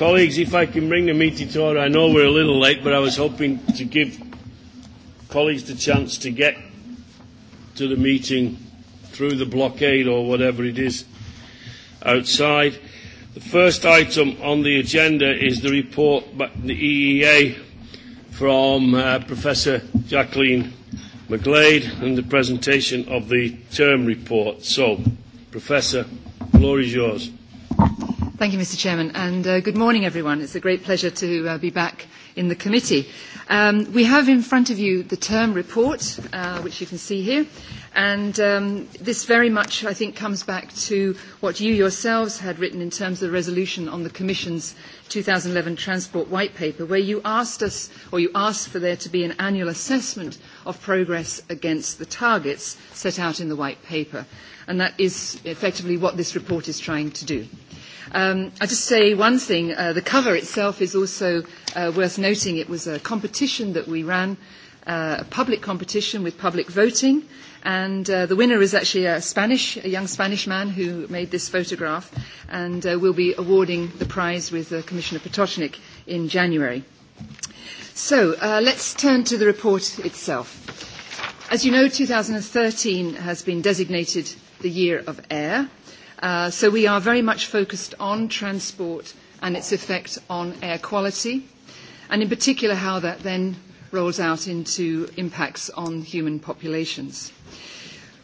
Colleagues, if I can bring the meeting to order, I know we're a little late, but I was hoping to give colleagues the chance to get to the meeting through the blockade or whatever it is outside. The first item on the agenda is the report by the EEA from uh, Professor Jacqueline McGlade and the presentation of the term report. So, Professor, the floor is yours. Thank you, Mr. Chairman, and uh, good morning, everyone. It's a great pleasure to uh, be back in the committee. Um, we have in front of you the term report, uh, which you can see here, and um, this very much, I think, comes back to what you yourselves had written in terms of the resolution on the Commission's 2011 Transport White Paper, where you asked us, or you asked for there to be an annual assessment of progress against the targets set out in the White Paper, and that is effectively what this report is trying to do. Um, I'll just say one thing. Uh, the cover itself is also uh, worth noting. It was a competition that we ran, uh, a public competition with public voting. And uh, the winner is actually a Spanish, a young Spanish man who made this photograph. And uh, we'll be awarding the prize with uh, Commissioner Potocznik in January. So uh, let's turn to the report itself. As you know, 2013 has been designated the year of air. Uh, so we are very much focused on transport and its effect on air quality, and in particular how that then rolls out into impacts on human populations.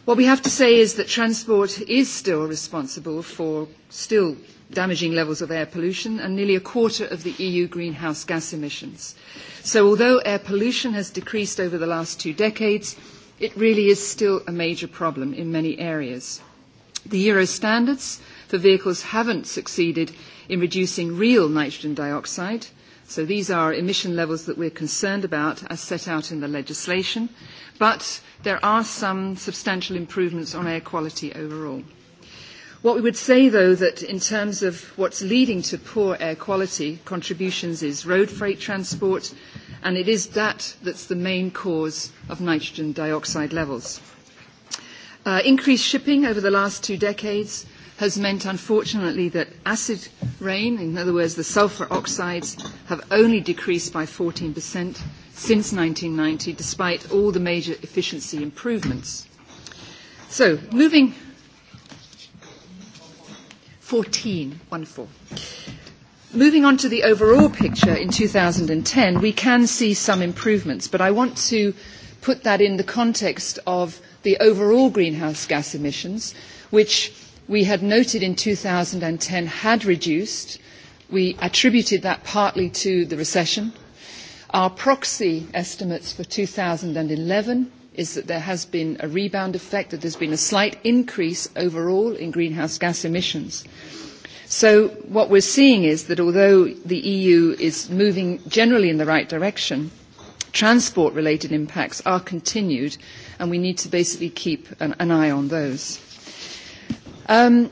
What we have to say is that transport is still responsible for still damaging levels of air pollution and nearly a quarter of the EU greenhouse gas emissions. So although air pollution has decreased over the last two decades, it really is still a major problem in many areas. The Euro standards for vehicles haven't succeeded in reducing real nitrogen dioxide. So these are emission levels that we're concerned about as set out in the legislation. But there are some substantial improvements on air quality overall. What we would say, though, that in terms of what's leading to poor air quality contributions is road freight transport, and it is that that's the main cause of nitrogen dioxide levels. Uh, increased shipping over the last two decades has meant, unfortunately, that acid rain, in other words, the sulfur oxides, have only decreased by 14% since 1990, despite all the major efficiency improvements. So, moving 14, 1 4. Moving on to the overall picture in 2010, we can see some improvements, but I want to put that in the context of the overall greenhouse gas emissions, which we had noted in 2010 had reduced. We attributed that partly to the recession. Our proxy estimates for 2011 is that there has been a rebound effect, that there's been a slight increase overall in greenhouse gas emissions. So what we're seeing is that although the EU is moving generally in the right direction, transport related impacts are continued and we need to basically keep an, an eye on those. Um,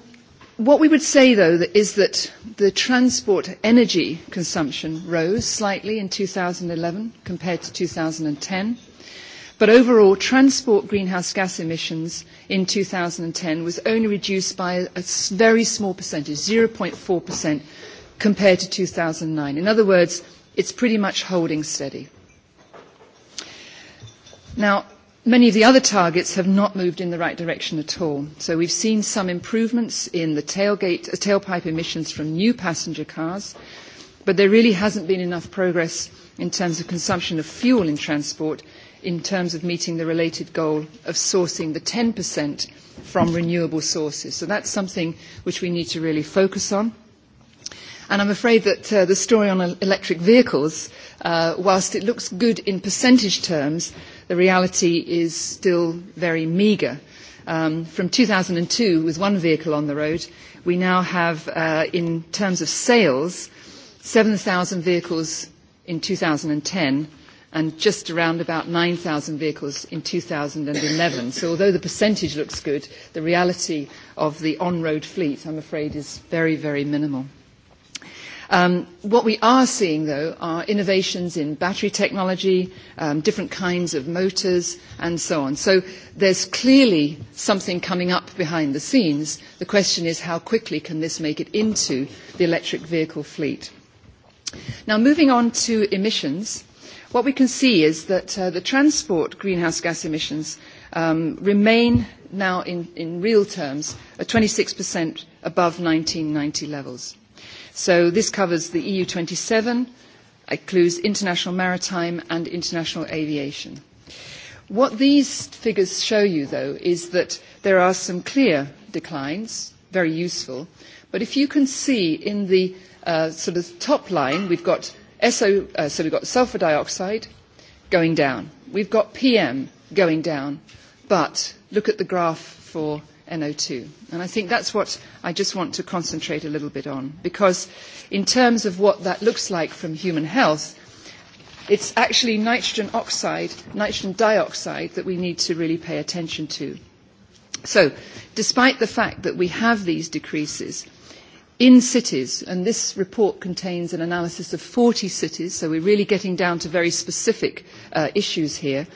what we would say though that is that the transport energy consumption rose slightly in 2011 compared to 2010. But overall, transport greenhouse gas emissions in 2010 was only reduced by a, a very small percentage, 0.4% compared to 2009. In other words, it's pretty much holding steady. Now, many of the other targets have not moved in the right direction at all. So we've seen some improvements in the tailgate, uh, tailpipe emissions from new passenger cars, but there really hasn't been enough progress in terms of consumption of fuel in transport in terms of meeting the related goal of sourcing the 10% from renewable sources. So that's something which we need to really focus on. And I'm afraid that uh, the story on electric vehicles, uh, whilst it looks good in percentage terms, the reality is still very meagre. Um, from 2002, with one vehicle on the road, we now have, uh, in terms of sales, 7,000 vehicles in 2010 and just around about 9,000 vehicles in 2011. So although the percentage looks good, the reality of the on-road fleet, I'm afraid, is very, very minimal. Um, what we are seeing, though, are innovations in battery technology, um, different kinds of motors, and so on. So there's clearly something coming up behind the scenes. The question is how quickly can this make it into the electric vehicle fleet? Now, moving on to emissions, what we can see is that uh, the transport greenhouse gas emissions um, remain now in, in real terms at 26% above 1990 levels. So this covers the EU27, includes international maritime and international aviation. What these figures show you, though, is that there are some clear declines, very useful. But if you can see in the uh, sort of top line, we've got SO, uh, so we've got sulfur dioxide going down. We've got PM going down. But look at the graph for NO2. And I think that's what I just want to concentrate a little bit on, because in terms of what that looks like from human health, it's actually nitrogen oxide, nitrogen dioxide that we need to really pay attention to. So despite the fact that we have these decreases in cities, and this report contains an analysis of 40 cities, so we're really getting down to very specific uh, issues here,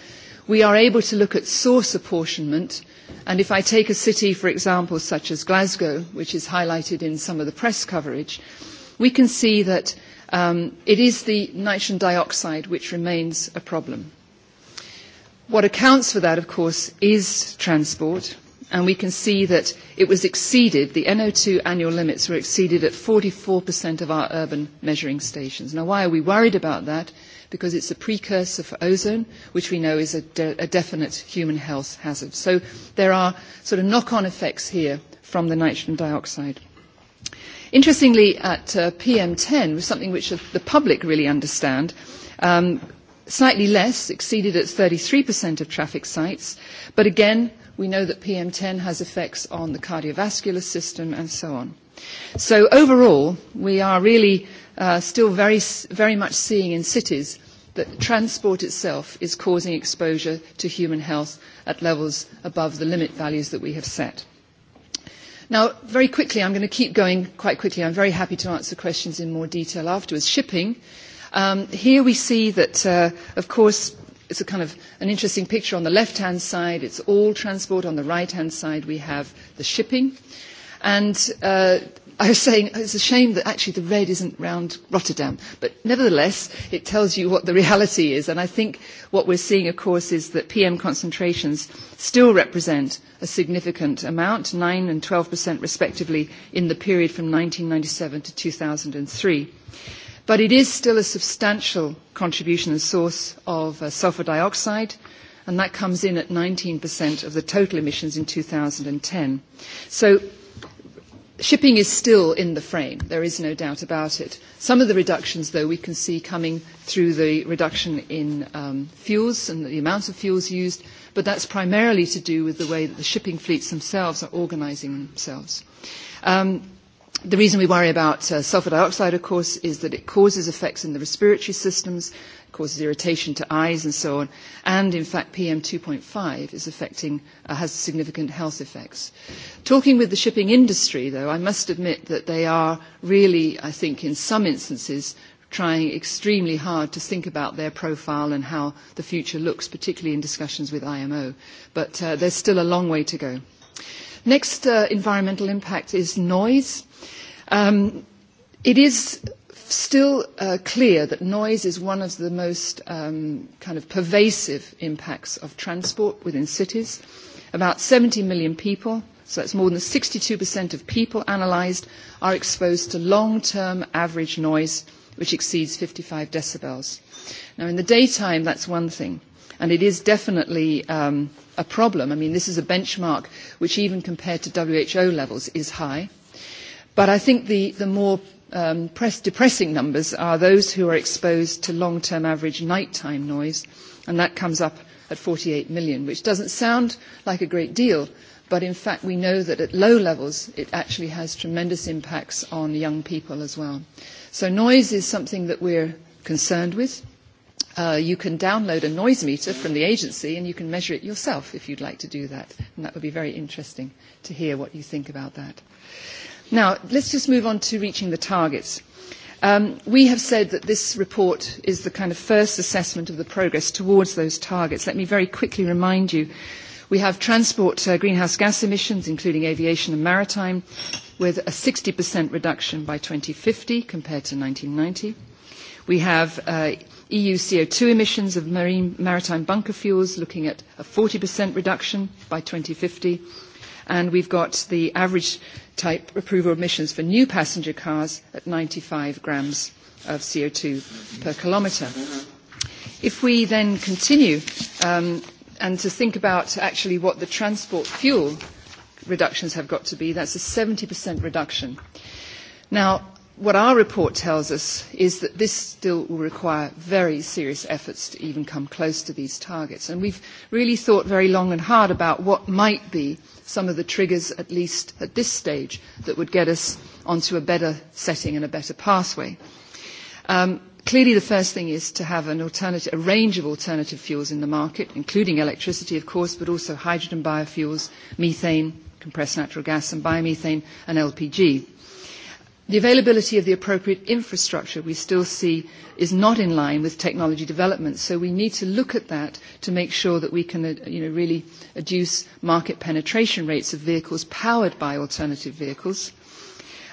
we are able to look at source apportionment And if I take a city, for example, such as Glasgow, which is highlighted in some of the press coverage, we can see that um, it is the nitrogen dioxide which remains a problem. What accounts for that, of course, is transport and we can see that it was exceeded, the NO2 annual limits were exceeded at 44% of our urban measuring stations. Now, why are we worried about that? Because it's a precursor for ozone, which we know is a, de- a definite human health hazard. So there are sort of knock-on effects here from the nitrogen dioxide. Interestingly, at uh, PM10, was something which the public really understand, um, slightly less, exceeded at 33% of traffic sites, but again, We know that PM10 has effects on the cardiovascular system and so on. So overall, we are really uh, still very, very much seeing in cities that transport itself is causing exposure to human health at levels above the limit values that we have set. Now, very quickly, I'm going to keep going quite quickly. I'm very happy to answer questions in more detail afterwards. Shipping. Um, here we see that, uh, of course, it's a kind of an interesting picture. On the left-hand side, it's all transport. On the right-hand side, we have the shipping. And uh, I was saying it's a shame that actually the red isn't round Rotterdam. But nevertheless, it tells you what the reality is. And I think what we're seeing, of course, is that PM concentrations still represent a significant amount, 9 and 12% respectively, in the period from 1997 to 2003 but it is still a substantial contribution and source of uh, sulfur dioxide, and that comes in at 19% of the total emissions in 2010. So shipping is still in the frame. There is no doubt about it. Some of the reductions, though, we can see coming through the reduction in um, fuels and the amount of fuels used, but that's primarily to do with the way that the shipping fleets themselves are organizing themselves. Um, The reason we worry about uh, sulfur dioxide, of course, is that it causes effects in the respiratory systems, causes irritation to eyes and so on. And in fact, PM2.5 is affecting, uh, has significant health effects. Talking with the shipping industry, though, I must admit that they are really, I think, in some instances, trying extremely hard to think about their profile and how the future looks, particularly in discussions with IMO. But uh, there's still a long way to go. Next uh, environmental impact is noise. Um, it is still uh, clear that noise is one of the most um, kind of pervasive impacts of transport within cities. About 70 million people, so that's more than 62% of people analysed, are exposed to long-term average noise which exceeds 55 decibels. Now, in the daytime, that's one thing. And it is definitely um, a problem. I mean, this is a benchmark which, even compared to WHO levels, is high. But I think the, the more um, press depressing numbers are those who are exposed to long-term average nighttime noise, and that comes up at 48 million, which doesn't sound like a great deal, but in fact we know that at low levels it actually has tremendous impacts on young people as well. So noise is something that we're concerned with uh, you can download a noise meter from the agency and you can measure it yourself if you'd like to do that. And that would be very interesting to hear what you think about that. Now, let's just move on to reaching the targets. Um, we have said that this report is the kind of first assessment of the progress towards those targets. Let me very quickly remind you We have transport uh, greenhouse gas emissions, including aviation and maritime, with a 60% reduction by 2050 compared to 1990. We have uh, EU CO2 emissions of marine maritime bunker fuels, looking at a 40% reduction by 2050. And we've got the average type approval emissions for new passenger cars at 95 grams of CO2 per kilometre. If we then continue um, and to think about actually what the transport fuel reductions have got to be, that's a 70% reduction. Now, what our report tells us is that this still will require very serious efforts to even come close to these targets. And we've really thought very long and hard about what might be some of the triggers, at least at this stage, that would get us onto a better setting and a better pathway. Um, clearly, the first thing is to have an alternative, a range of alternative fuels in the market, including electricity, of course, but also hydrogen biofuels, methane, compressed natural gas, and biomethane, and LPG. The availability of the appropriate infrastructure we still see is not in line with technology development, so we need to look at that to make sure that we can uh, you know, really reduce market penetration rates of vehicles powered by alternative vehicles.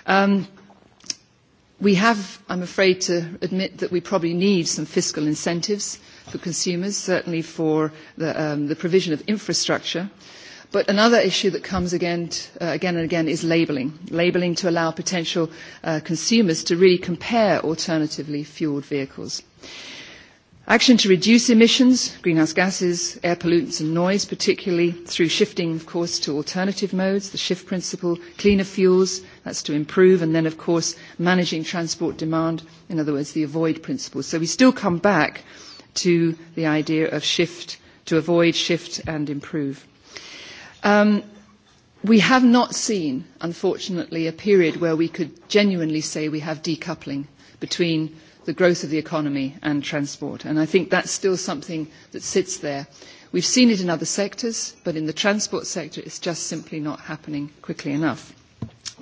Um, we have, I'm afraid, to admit that we probably need some fiscal incentives for consumers, certainly for the, um, the provision of infrastructure. Uh, But another issue that comes again, to, uh, again and again is labeling. Labeling to allow potential uh, consumers to really compare alternatively fueled vehicles. Action to reduce emissions, greenhouse gases, air pollutants and noise, particularly through shifting, of course, to alternative modes, the shift principle, cleaner fuels, that's to improve, and then, of course, managing transport demand, in other words, the avoid principle. So we still come back to the idea of shift, to avoid, shift and improve. Um, we have not seen, unfortunately, a period where we could genuinely say we have decoupling between the growth of the economy and transport. And I think that's still something that sits there. We've seen it in other sectors, but in the transport sector, it's just simply not happening quickly enough.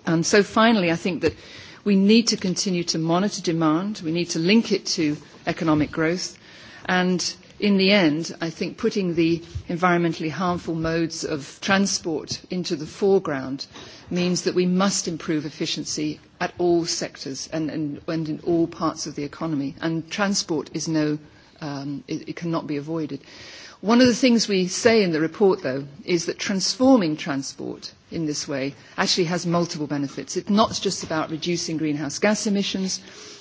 And so finally, I think that we need to continue to monitor demand. We need to link it to economic growth. And in the end, I think putting the environmentally harmful modes of transport into the foreground means that we must improve efficiency at all sectors and, and, and in all parts of the economy. And transport is no, um, it, it cannot be avoided. One of the things we say in the report, though, is that transforming transport in this way actually has multiple benefits. It's not just about reducing greenhouse gas emissions.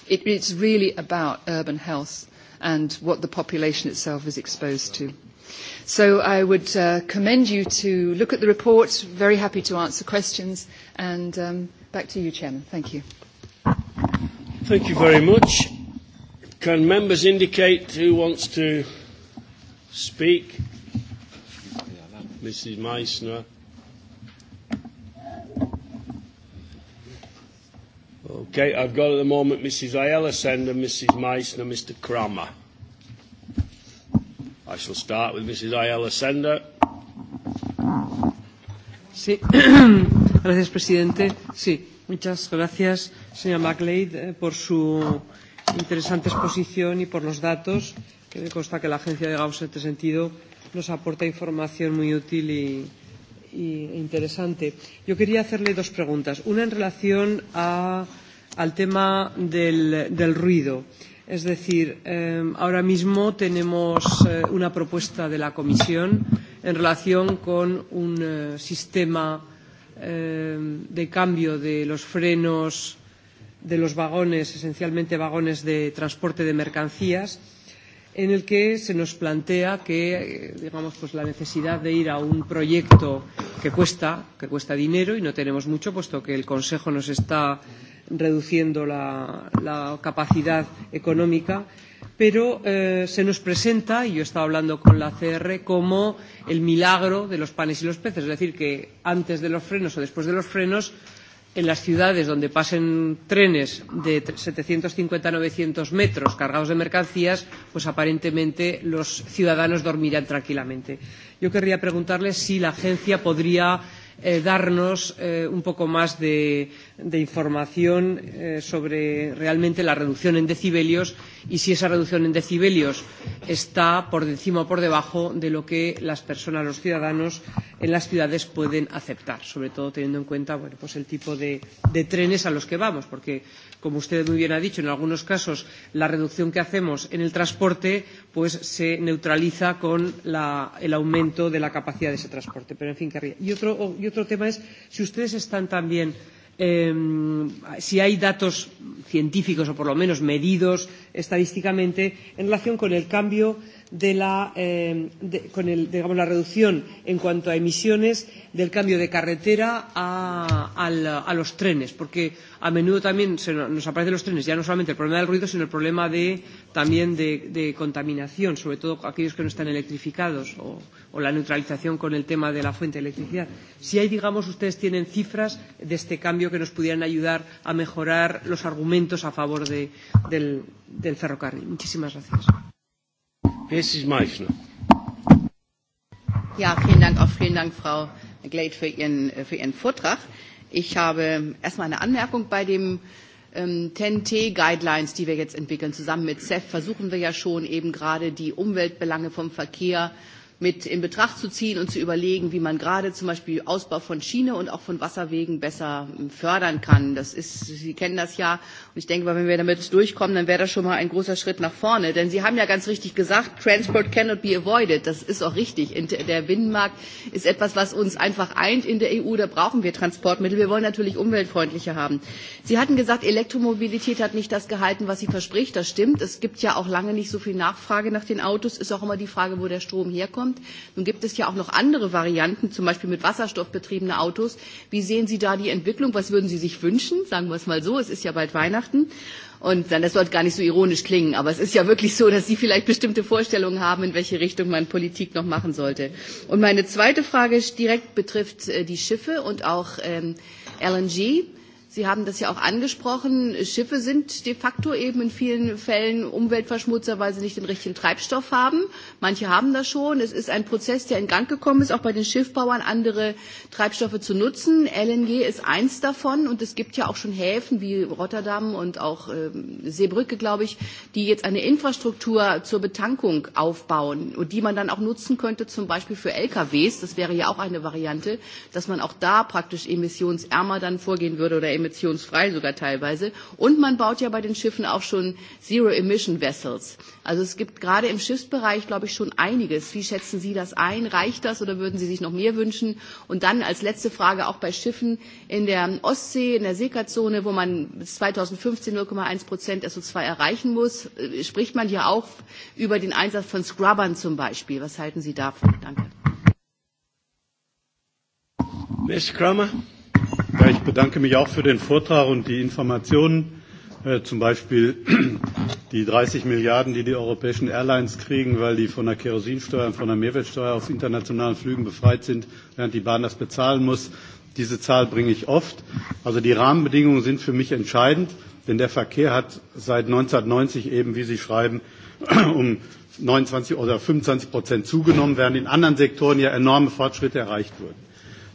It, it's really about urban health and what the population itself is exposed to. So I would uh, commend you to look at the report. Very happy to answer questions. And um, back to you, Chairman. Thank you. Thank you very much. Can members indicate who wants to speak? Mrs. Meissner. Okay, I've got at the moment Mrs. Ayala Sender, Mrs. Meissner, Mr. Cramer. I shall start with Mrs. Ayala Sender. Sí. gracias, presidente. Sí, muchas gracias, señora MacLeod, eh, por su interesante exposición y por los datos, que me consta que la agencia de Gauss, en este sentido, nos aporta información muy útil y, y interesante. Yo quería hacerle dos preguntas. Una en relación a, al tema del, del ruido. Es decir, eh, ahora mismo tenemos eh, una propuesta de la Comisión en relación con un eh, sistema eh, de cambio de los frenos de los vagones, esencialmente vagones de transporte de mercancías, en el que se nos plantea que, eh, digamos, pues la necesidad de ir a un proyecto que cuesta, que cuesta dinero y no tenemos mucho, puesto que el Consejo nos está reduciendo la, la capacidad económica, pero eh, se nos presenta, y yo estaba hablando con la CR, como el milagro de los panes y los peces, es decir, que antes de los frenos o después de los frenos en las ciudades donde pasen trenes de 750 a 900 metros cargados de mercancías, pues aparentemente los ciudadanos dormirían tranquilamente. Yo querría preguntarle si la agencia podría eh, darnos eh, un poco más de, de información eh, sobre realmente la reducción en decibelios y si esa reducción en decibelios está por encima o por debajo de lo que las personas, los ciudadanos en las ciudades pueden aceptar, sobre todo teniendo en cuenta bueno, pues el tipo de, de trenes a los que vamos, porque, como usted muy bien ha dicho, en algunos casos la reducción que hacemos en el transporte pues, se neutraliza con la, el aumento de la capacidad de ese transporte. Pero, en fin, querría. Y otro, y otro tema es si ustedes están también eh, si hay datos científicos o por lo menos medidos estadísticamente en relación con el cambio eh, de la, eh, de, con el, digamos, la reducción en cuanto a emisiones del cambio de carretera a, a, la, a los trenes, porque a menudo también se nos aparecen los trenes, ya no solamente el problema del ruido, sino el problema de, también de, de contaminación, sobre todo aquellos que no están electrificados, o, o la neutralización con el tema de la fuente de electricidad. Si hay, digamos, ustedes tienen cifras de este cambio que nos pudieran ayudar a mejorar los argumentos a favor de, del, del ferrocarril. Muchísimas gracias. Mrs. Meissner. Ja, vielen Dank. Auch vielen Dank, Frau Glade, für Ihren, für Ihren Vortrag. Ich habe erstmal eine Anmerkung bei dem ähm, 10T-Guidelines, die wir jetzt entwickeln. Zusammen mit CEF versuchen wir ja schon eben gerade die Umweltbelange vom Verkehr äh, mit in Betracht zu ziehen und zu überlegen, wie man gerade zum Beispiel Ausbau von Schiene und auch von Wasserwegen besser ähm, fördern kann. Das ist, Sie kennen das ja. Und ich denke mal, wenn wir damit durchkommen, dann wäre das schon mal ein großer Schritt nach vorne. Denn Sie haben ja ganz richtig gesagt, Transport cannot be avoided. Das ist auch richtig. Der Binnenmarkt ist etwas, was uns einfach eint in der EU. Da brauchen wir Transportmittel. Wir wollen natürlich umweltfreundlicher haben. Sie hatten gesagt, Elektromobilität hat nicht das gehalten, was sie verspricht. Das stimmt. Es gibt ja auch lange nicht so viel Nachfrage nach den Autos. Ist auch immer die Frage, wo der Strom herkommt kommt. Nun gibt es ja auch noch andere Varianten, zum Beispiel mit Wasserstoff betriebene Autos. Wie sehen Sie da die Entwicklung? Was würden Sie sich wünschen? Sagen wir es mal so, es ist ja bald Weihnachten. Und dann, das sollte gar nicht so ironisch klingen, aber es ist ja wirklich so, dass Sie vielleicht bestimmte Vorstellungen haben, in welche Richtung man Politik noch machen sollte. Und meine zweite Frage direkt betrifft äh, die Schiffe und auch ähm, LNG. Sie haben das ja auch angesprochen. Schiffe sind de facto eben in vielen Fällen Umweltverschmutzer, weil sie nicht den richtigen Treibstoff haben. Manche haben das schon. Es ist ein Prozess, der in Gang gekommen ist, auch bei den Schiffbauern andere Treibstoffe zu nutzen. LNG ist eins davon und es gibt ja auch schon Häfen wie Rotterdam und auch äh, Seebrücke, glaube ich, die jetzt eine Infrastruktur zur Betankung aufbauen und die man dann auch nutzen könnte, zum Beispiel für LKWs. Das wäre ja auch eine Variante, dass man auch da praktisch emissionsärmer dann vorgehen würde oder emissionsfrei sogar teilweise. Und man baut ja bei den Schiffen auch schon Zero-Emission-Vessels. Also es gibt gerade im Schiffsbereich, glaube ich, schon einiges. Wie schätzen Sie das ein? Reicht das oder würden Sie sich noch mehr wünschen? Und dann als letzte Frage auch bei Schiffen in der Ostsee, in der Seekazone, wo man bis 2015 0,1 Prozent SO2 erreichen muss, äh, spricht man ja auch über den Einsatz von Scrubbern zum Beispiel. Was halten Sie davon? Danke. Ms. Kramer. Ja, ich bedanke mich auch für den Vortrag und die Informationen, äh, zum Beispiel die 30 Milliarden, die die europäischen Airlines kriegen, weil die von der Kerosinsteuer und von der Mehrwertsteuer auf internationalen Flügen befreit sind, während die Bahn das bezahlen muss. Diese Zahl bringe ich oft. Also die Rahmenbedingungen sind für mich entscheidend, denn der Verkehr hat seit 1990 eben, wie Sie schreiben, um 29 oder 25 Prozent zugenommen, während in anderen Sektoren ja enorme Fortschritte erreicht wurden.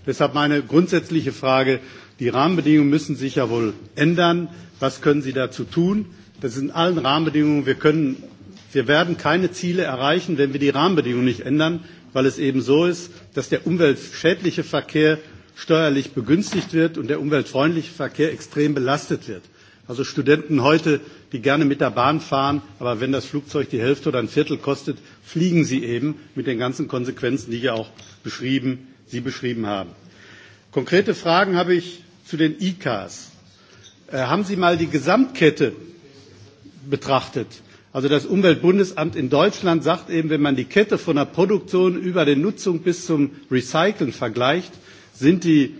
Deshalb meine grundsätzliche Frage, die Rahmenbedingungen müssen sich ja wohl ändern. Was können Sie dazu tun? Das sind allen Rahmenbedingungen. Wir, können, wir werden keine Ziele erreichen, wenn wir die Rahmenbedingungen nicht ändern, weil es eben so ist, dass der umweltschädliche Verkehr steuerlich begünstigt wird und der umweltfreundliche Verkehr extrem belastet wird. Also Studenten heute, die gerne mit der Bahn fahren, aber wenn das Flugzeug die Hälfte oder ein Viertel kostet, fliegen sie eben mit den ganzen Konsequenzen, die hier auch beschrieben Sie beschrieben haben. Konkrete Fragen habe ich zu den E-Cars. Äh, haben Sie mal die Gesamtkette betrachtet? Also das Umweltbundesamt in Deutschland sagt eben, wenn man die Kette von der Produktion über die Nutzung bis zum Recyceln vergleicht, sind die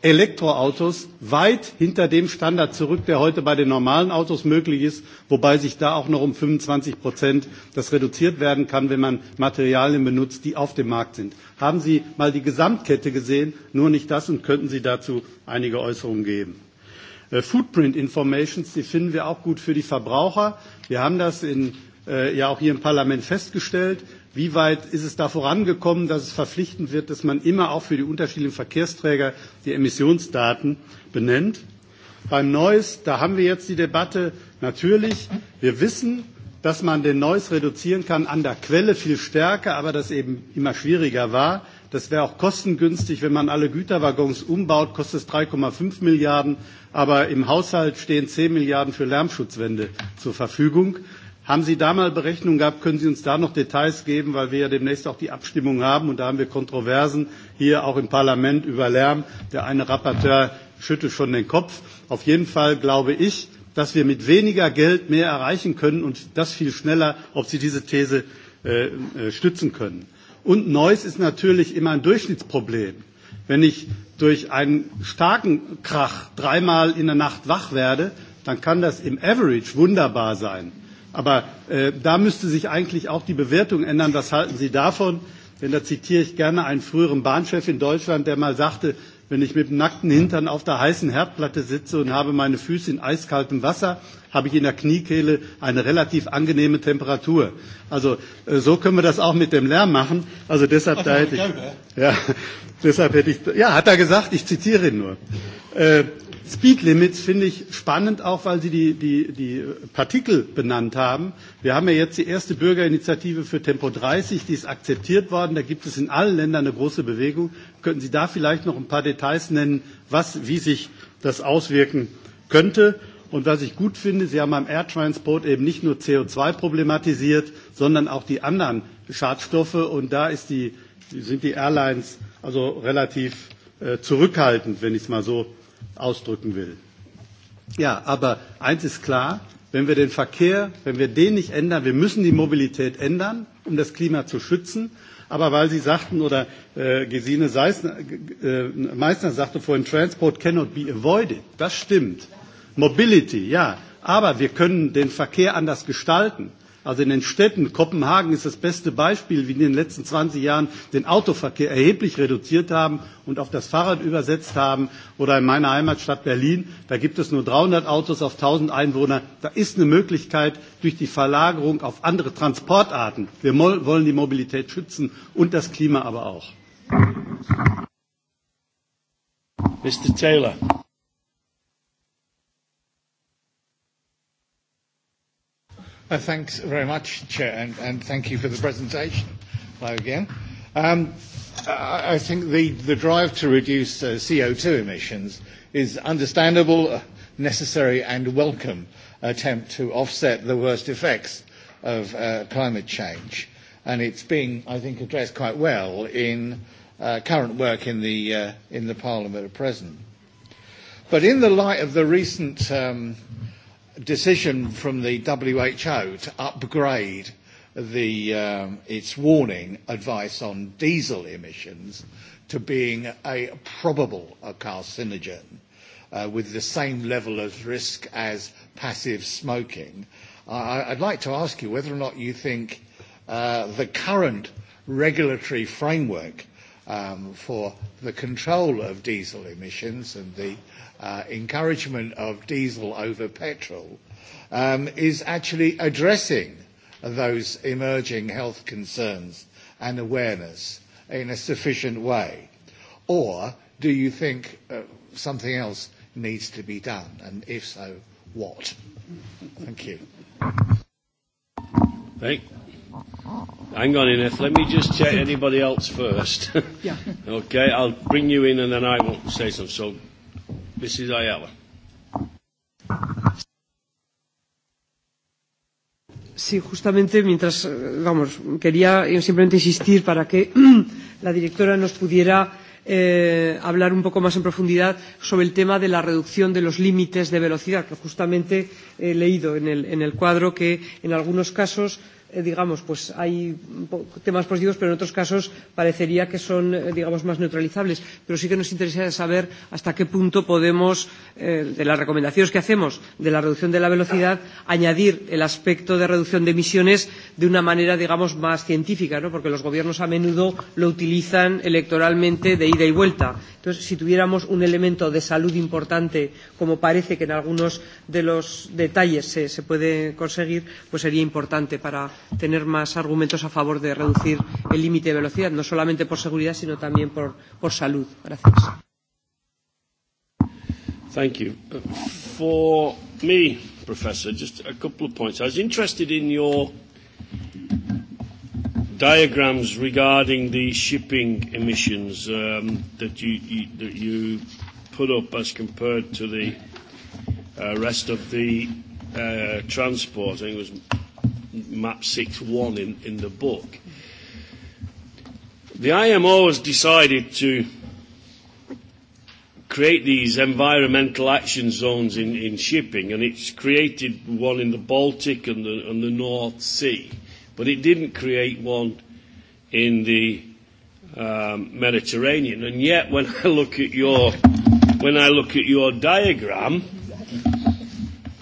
Elektroautos weit hinter dem Standard zurück, der heute bei den normalen Autos möglich ist, wobei sich da auch noch um 25 Prozent das reduziert werden kann, wenn man Materialien benutzt, die auf dem Markt sind. Haben Sie mal die Gesamtkette gesehen, nur nicht das und könnten Sie dazu einige Äußerungen geben? Äh, Footprint Informations, die finden wir auch gut für die Verbraucher. Wir haben das in, äh, ja auch hier im Parlament festgestellt. Wie weit ist es da vorangekommen, dass es verpflichtend wird, dass man immer auch für die unterschiedlichen Verkehrsträger die Emissionsdaten benennt? Beim Neues, da haben wir jetzt die Debatte. Natürlich, wir wissen, dass man den Neues reduzieren kann an der Quelle viel stärker, aber das eben immer schwieriger war. Das wäre auch kostengünstig, wenn man alle Güterwaggons umbaut, kostet es 3,5 Milliarden, aber im Haushalt stehen 10 Milliarden für Lärmschutzwände zur Verfügung. Haben Sie da mal Berechnungen gehabt? Können Sie uns da noch Details geben, weil wir ja demnächst auch die Abstimmung haben und da haben wir Kontroversen hier auch im Parlament über Lärm. Der eine Rapporteur schüttelt schon den Kopf. Auf jeden Fall glaube ich, dass wir mit weniger Geld mehr erreichen können und das viel schneller, ob Sie diese These äh, äh stützen können. Und Noise ist natürlich immer ein Durchschnittsproblem. Wenn ich durch einen starken Krach dreimal in der Nacht wach werde, dann kann das im Average wunderbar sein. Aber äh, da müsste sich eigentlich auch die Bewertung ändern. Was halten Sie davon? Denn da zitiere ich gerne einen früheren Bahnchef in Deutschland, der mal sagte, wenn ich mit dem nackten Hintern auf der heißen Herdplatte sitze und habe meine Füße in eiskaltem Wasser, habe ich in der Kniekehle eine relativ angenehme Temperatur. Also äh, so können wir das auch mit dem Lärm machen. Also deshalb, Ach, da hätte ich, ja, deshalb hätte ich, ja, hat er gesagt, ich zitiere ihn nur. Äh, Speedlimits finde ich spannend, auch weil Sie die, die, die Partikel benannt haben. Wir haben ja jetzt die erste Bürgerinitiative für Tempo 30, die ist akzeptiert worden. Da gibt es in allen Ländern eine große Bewegung. Könnten Sie da vielleicht noch ein paar Details nennen, was, wie sich das auswirken könnte? Und was ich gut finde, Sie haben am Air Transport eben nicht nur CO2 problematisiert, sondern auch die anderen Schadstoffe. Und da ist die, sind die Airlines also relativ äh, zurückhaltend, wenn ich es mal so ausdrücken will. Ja, aber eins ist klar, wenn wir den Verkehr, wenn wir den nicht ändern, wir müssen die Mobilität ändern, um das Klima zu schützen. Aber weil Sie sagten, oder äh, Gesine Seisner, äh, Meissner sagte vorhin, Transport cannot be avoided. Das stimmt. Mobility, ja. Aber wir können den Verkehr anders gestalten. Also in den Städten, Kopenhagen ist das beste Beispiel, wie in den letzten 20 Jahren den Autoverkehr erheblich reduziert haben und auf das Fahrrad übersetzt haben. Oder in meiner Heimatstadt Berlin, da gibt es nur 300 Autos auf 1000 Einwohner. Da ist eine Möglichkeit durch die Verlagerung auf andere Transportarten. Wir wollen die Mobilität schützen und das Klima aber auch. Mr. Taylor. Uh, thanks very much, Chair, and, and thank you for the presentation. Hello again. Um, I, I think the, the drive to reduce uh, CO2 emissions is understandable, necessary, and welcome attempt to offset the worst effects of uh, climate change. And it's being, I think, addressed quite well in uh, current work in the, uh, in the Parliament at present. But in the light of the recent um, uh, decision from the WHO to upgrade the, um, its warning advice on diesel emissions to being a probable carcinogen uh, with the same level of risk as passive smoking. I, I'd like to ask you whether or not you think uh, the current regulatory framework um, for the control of diesel emissions and the uh, encouragement of diesel over petrol um, is actually addressing those emerging health concerns and awareness in a sufficient way? Or do you think uh, something else needs to be done? And if so, what? Thank you. Thank, Hang on, Ineth. Let me just check anybody else first. yeah. okay, I'll bring you in and then I will say something. So, Mrs. Ayala. Sí, justamente mientras, eh, vamos, quería simplemente insistir para que la directora nos pudiera eh, hablar un poco más en profundidad sobre el tema de la reducción de los límites de velocidad, que justamente he leído en el, en el cuadro que en algunos casos eh, digamos, pues hay temas positivos, pero en otros casos parecería que son, eh, digamos, más neutralizables. Pero sí que nos interesa saber hasta qué punto podemos, eh, de las recomendaciones que hacemos de la reducción de la velocidad, añadir el aspecto de reducción de emisiones de una manera, digamos, más científica, ¿no? porque los gobiernos a menudo lo utilizan electoralmente de ida y vuelta. Entonces, si tuviéramos un elemento de salud importante, como parece que en algunos de los detalles se, se puede conseguir, pues sería importante para tener más argumentos a favor de reducir el límite de velocidad, no solamente por seguridad, sino también por, por salud. Gracias. Thank you. For me, Professor, just a couple of points. I was interested in your diagrams regarding the shipping emissions um, that, you, you, that you put up as compared to the uh, rest of the uh, transport. I think it was map 6.1 in, in the book. The IMO has decided to create these environmental action zones in, in shipping, and it's created one in the Baltic and the, and the North Sea, but it didn't create one in the um, Mediterranean. And yet, when I look at your when I look at your diagram,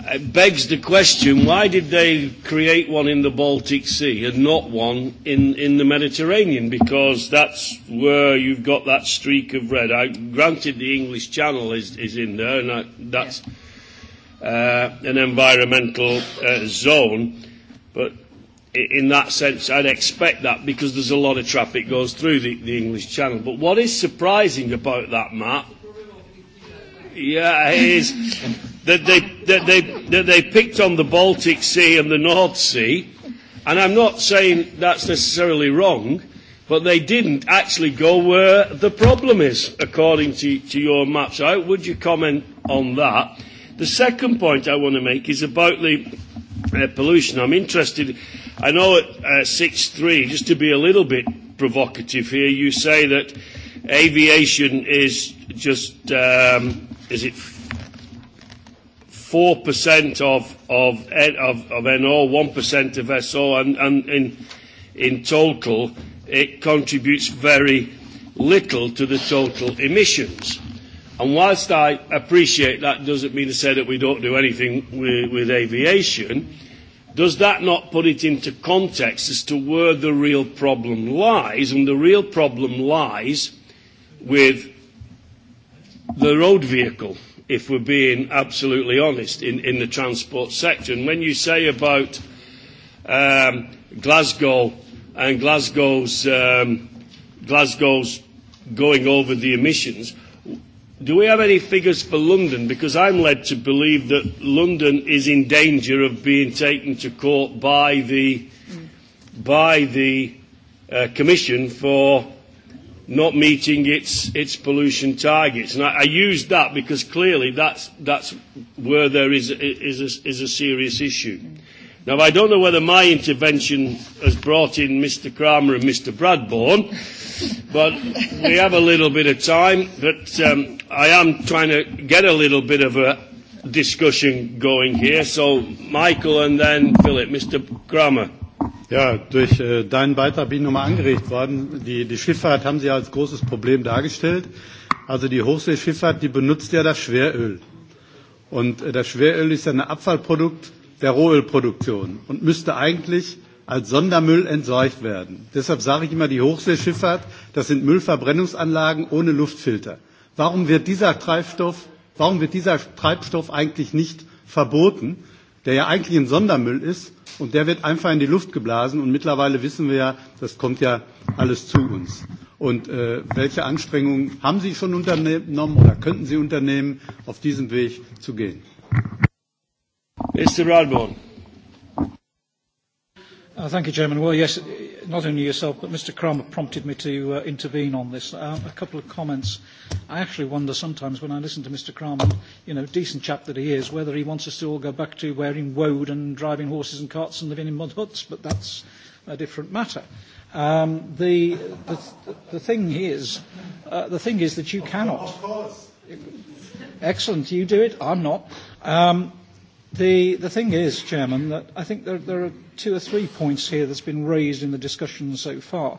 it begs the question, why did they create one in the Baltic Sea and not one in, in the Mediterranean? Because that's where you've got that streak of red. I, granted, the English Channel is, is in there, and I, that's uh, an environmental uh, zone, but in that sense, I'd expect that because there's a lot of traffic goes through the, the English Channel. But what is surprising about that map? Yeah, it is that they, that, they, that they picked on the Baltic Sea and the North Sea. And I'm not saying that's necessarily wrong, but they didn't actually go where the problem is, according to, to your map. So how would you comment on that? The second point I want to make is about the uh, pollution. I'm interested. I know at uh, 6.3, just to be a little bit provocative here, you say that aviation is just, um, is it 4% of, of, of, of NO, 1% of SO, and, and in, in total, it contributes very little to the total emissions. And whilst I appreciate that doesn't mean to say that we don't do anything with, with aviation, does that not put it into context as to where the real problem lies? And the real problem lies with the road vehicle if we're being absolutely honest, in, in the transport sector. And when you say about um, Glasgow and Glasgow's, um, Glasgow's going over the emissions, do we have any figures for London? Because I'm led to believe that London is in danger of being taken to court by the, by the uh, Commission for not meeting its, its pollution targets. And I, I used that because clearly that's, that's where there is, is, a, is a serious issue. Now, I don't know whether my intervention has brought in Mr. Kramer and Mr. Bradbourne, but we have a little bit of time. But um, I am trying to get a little bit of a discussion going here. So, Michael and then Philip, Mr. Kramer. Ja, durch äh, deinen Beitrag bin ich nochmal angeregt worden. Die, die Schifffahrt haben Sie ja als großes Problem dargestellt. Also die Hochseeschifffahrt, die benutzt ja das Schweröl. Und äh, das Schweröl ist ja ein Abfallprodukt der Rohölproduktion und müsste eigentlich als Sondermüll entsorgt werden. Deshalb sage ich immer, die Hochseeschifffahrt, das sind Müllverbrennungsanlagen ohne Luftfilter. Warum wird dieser Treibstoff, warum wird dieser Treibstoff eigentlich nicht verboten? der ja eigentlich ein Sondermüll ist und der wird einfach in die Luft geblasen und mittlerweile wissen wir ja, das kommt ja alles zu uns. Und äh, welche Anstrengungen haben Sie schon unternommen oder könnten Sie unternehmen, auf diesem Weg zu gehen? Mr. Radborn. Uh, thank you, Chairman. Well, yes, not only yourself, but Mr. Crum prompted me to uh, intervene on this. Uh, a couple of comments. I actually wonder sometimes when I listen to Mr. Crum, you know, decent chap that he is, whether he wants us to all go back to wearing woad and driving horses and carts and living in mud huts, but that's a different matter. Um, the, the, the, thing is, uh, the thing is that you cannot. Of course. Excellent, you do it, I'm not. Um, The, the thing is, Chairman, that I think there, there are two or three points here that's been raised in the discussion so far.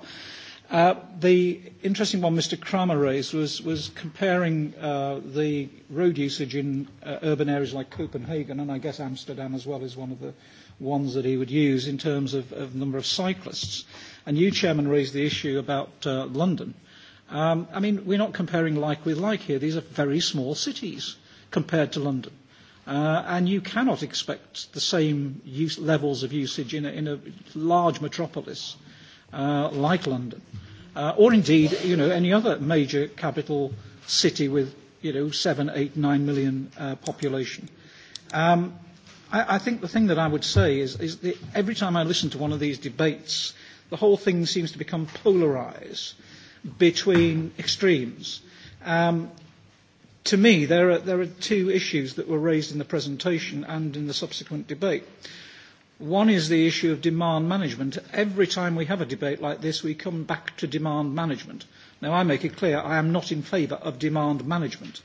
Uh, the interesting one Mr. Cramer raised was, was comparing uh, the road usage in uh, urban areas like Copenhagen, and I guess Amsterdam as well is one of the ones that he would use in terms of, of number of cyclists. And you, Chairman, raised the issue about uh, London. Um, I mean, we're not comparing like with like here. These are very small cities compared to London. Uh, and you cannot expect the same use, levels of usage in a, in a large metropolis uh, like London, uh, or indeed, you know, any other major capital city with, you know, seven, eight, nine million uh, population. Um, I, I think the thing that I would say is, is that every time I listen to one of these debates, the whole thing seems to become polarised between extremes. Um, to me, there are, there are two issues that were raised in the presentation and in the subsequent debate. One is the issue of demand management. Every time we have a debate like this, we come back to demand management. Now, I make it clear I am not in favour of demand management.